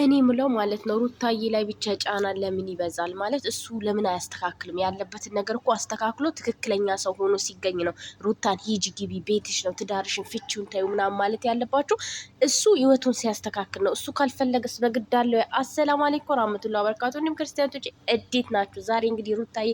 እኔ ምለው ማለት ነው ሩታዬ ላይ ብቻ ጫና ለምን ይበዛል? ማለት እሱ ለምን አያስተካክልም? ያለበትን ነገር እኮ አስተካክሎ ትክክለኛ ሰው ሆኖ ሲገኝ ነው ሩታን ሂጂ ግቢ፣ ቤትሽ ነው፣ ትዳርሽን፣ ፍቺውን ታዩ ምናምን ማለት ያለባቸው እሱ ህይወቱን ሲያስተካክል ነው። እሱ ካልፈለገስ በግድ አለው። አሰላም አለይኩም ወራህመቱላሂ ወበረካቱ። እንዲሁም ክርስቲያኖች እንዴት ናችሁ? ዛሬ እንግዲህ ሩታዬ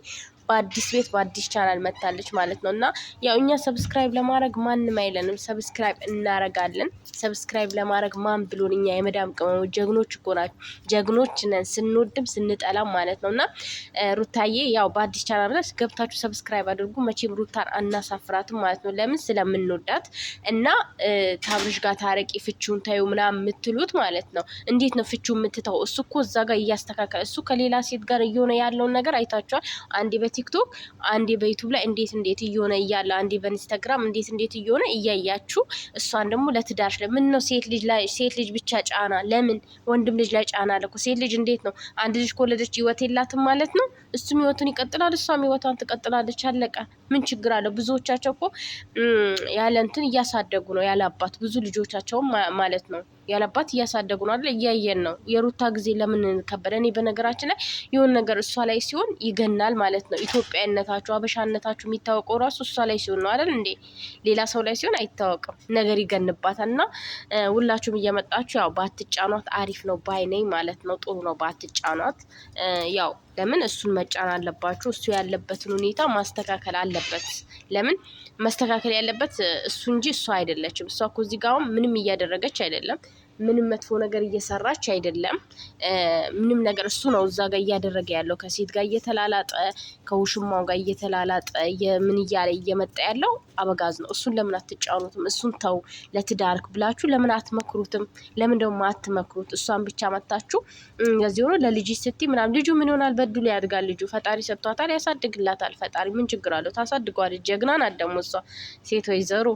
በአዲስ ቤት በአዲስ ቻናል መታለች ማለት ነው። እና ያው እኛ ሰብስክራይብ ለማድረግ ማንም አይለንም፣ ሰብስክራይብ እናረጋለን። ሰብስክራይብ ለማድረግ ማን ብሎን እኛ የመዳም ቅመሙ ጀግኖች እኮ ናቸው። ጀግኖች ነን ስንወድም ስንጠላም ማለት ነው። እና ሩታዬ ያው በአዲስ ቻናል ላይ ገብታችሁ ሰብስክራይብ አድርጉ። መቼም ሩታን አናሳፍራትም ማለት ነው። ለምን ስለምንወዳት እና ታብርሽ ጋር ታረቂ ፍቹን ታዩ ምናምን የምትሉት ማለት ነው። እንዴት ነው ፍቹ የምትተው? እሱ እኮ እዛ ጋር እያስተካከለ እሱ ከሌላ ሴት ጋር እየሆነ ያለውን ነገር አይታችኋል። አንዴ በቲክቶክ አንዴ በዩቱብ ላይ እንዴት እንዴት እየሆነ እያለ አንዴ በኢንስታግራም እንዴት እንዴት እየሆነ እያያችሁ እሷን ደግሞ ለትዳርሽ ላይ ምን ነው ሴት ልጅ ላይ ሴት ልጅ ብቻ ጫና ለምን ወንድም ልጅ ላይ ጫና አለ እኮ ሴት ልጅ እንዴት ነው አንድ ልጅ ከወለደች ህይወት የላትም ማለት ነው እሱም ህይወቱን ይቀጥላል እሷም ህይወቷን ትቀጥላለች አለቀ ምን ችግር አለው ብዙዎቻቸው እኮ ያለ እንትን እያሳደጉ ነው ያለ አባት ብዙ ልጆቻቸውም ማለት ነው ያለባት እያሳደጉ ነው አይደል? እያየን ነው። የሩታ ጊዜ ለምን ከበደ? እኔ በነገራችን ላይ የሆነ ነገር እሷ ላይ ሲሆን ይገናል ማለት ነው። ኢትዮጵያዊነታችሁ አበሻነታችሁ የሚታወቀው ራሱ እሷ ላይ ሲሆን ነው አይደል እንዴ? ሌላ ሰው ላይ ሲሆን አይታወቅም፣ ነገር ይገንባታል። እና ሁላችሁም እየመጣችሁ ያው በአትጫኗት አሪፍ ነው ባይነኝ ማለት ነው። ጥሩ ነው በአትጫኗት ያው ለምን እሱን መጫን አለባችሁ። እሱ ያለበትን ሁኔታ ማስተካከል አለበት። ለምን መስተካከል ያለበት እሱ እንጂ እሷ አይደለችም። እሷ እኮ እዚህ ጋር አሁን ምንም እያደረገች አይደለም። ምንም መጥፎ ነገር እየሰራች አይደለም። ምንም ነገር እሱ ነው እዛ ጋር እያደረገ ያለው ከሴት ጋር እየተላላጠ ከውሽማው ጋር እየተላላጠ ምን እያለ እየመጣ ያለው አበጋዝ ነው። እሱን ለምን አትጫኑትም? እሱን ተው ለትዳርክ ብላችሁ ለምን አትመክሩትም? ለምን ደግሞ አትመክሩት? እሷን ብቻ መታችሁ እንደዚህ ሆኖ ለልጅ ስቲ ምናም ልጁ ምን ይሆናል? በድሎ ያድጋል። ልጁ ፈጣሪ ሰጥቷታል፣ ያሳድግላታል። ፈጣሪ ምን ችግር አለው? ታሳድገዋለች። ጀግና ናት ደግሞ እሷ ሴት ወይዘሮ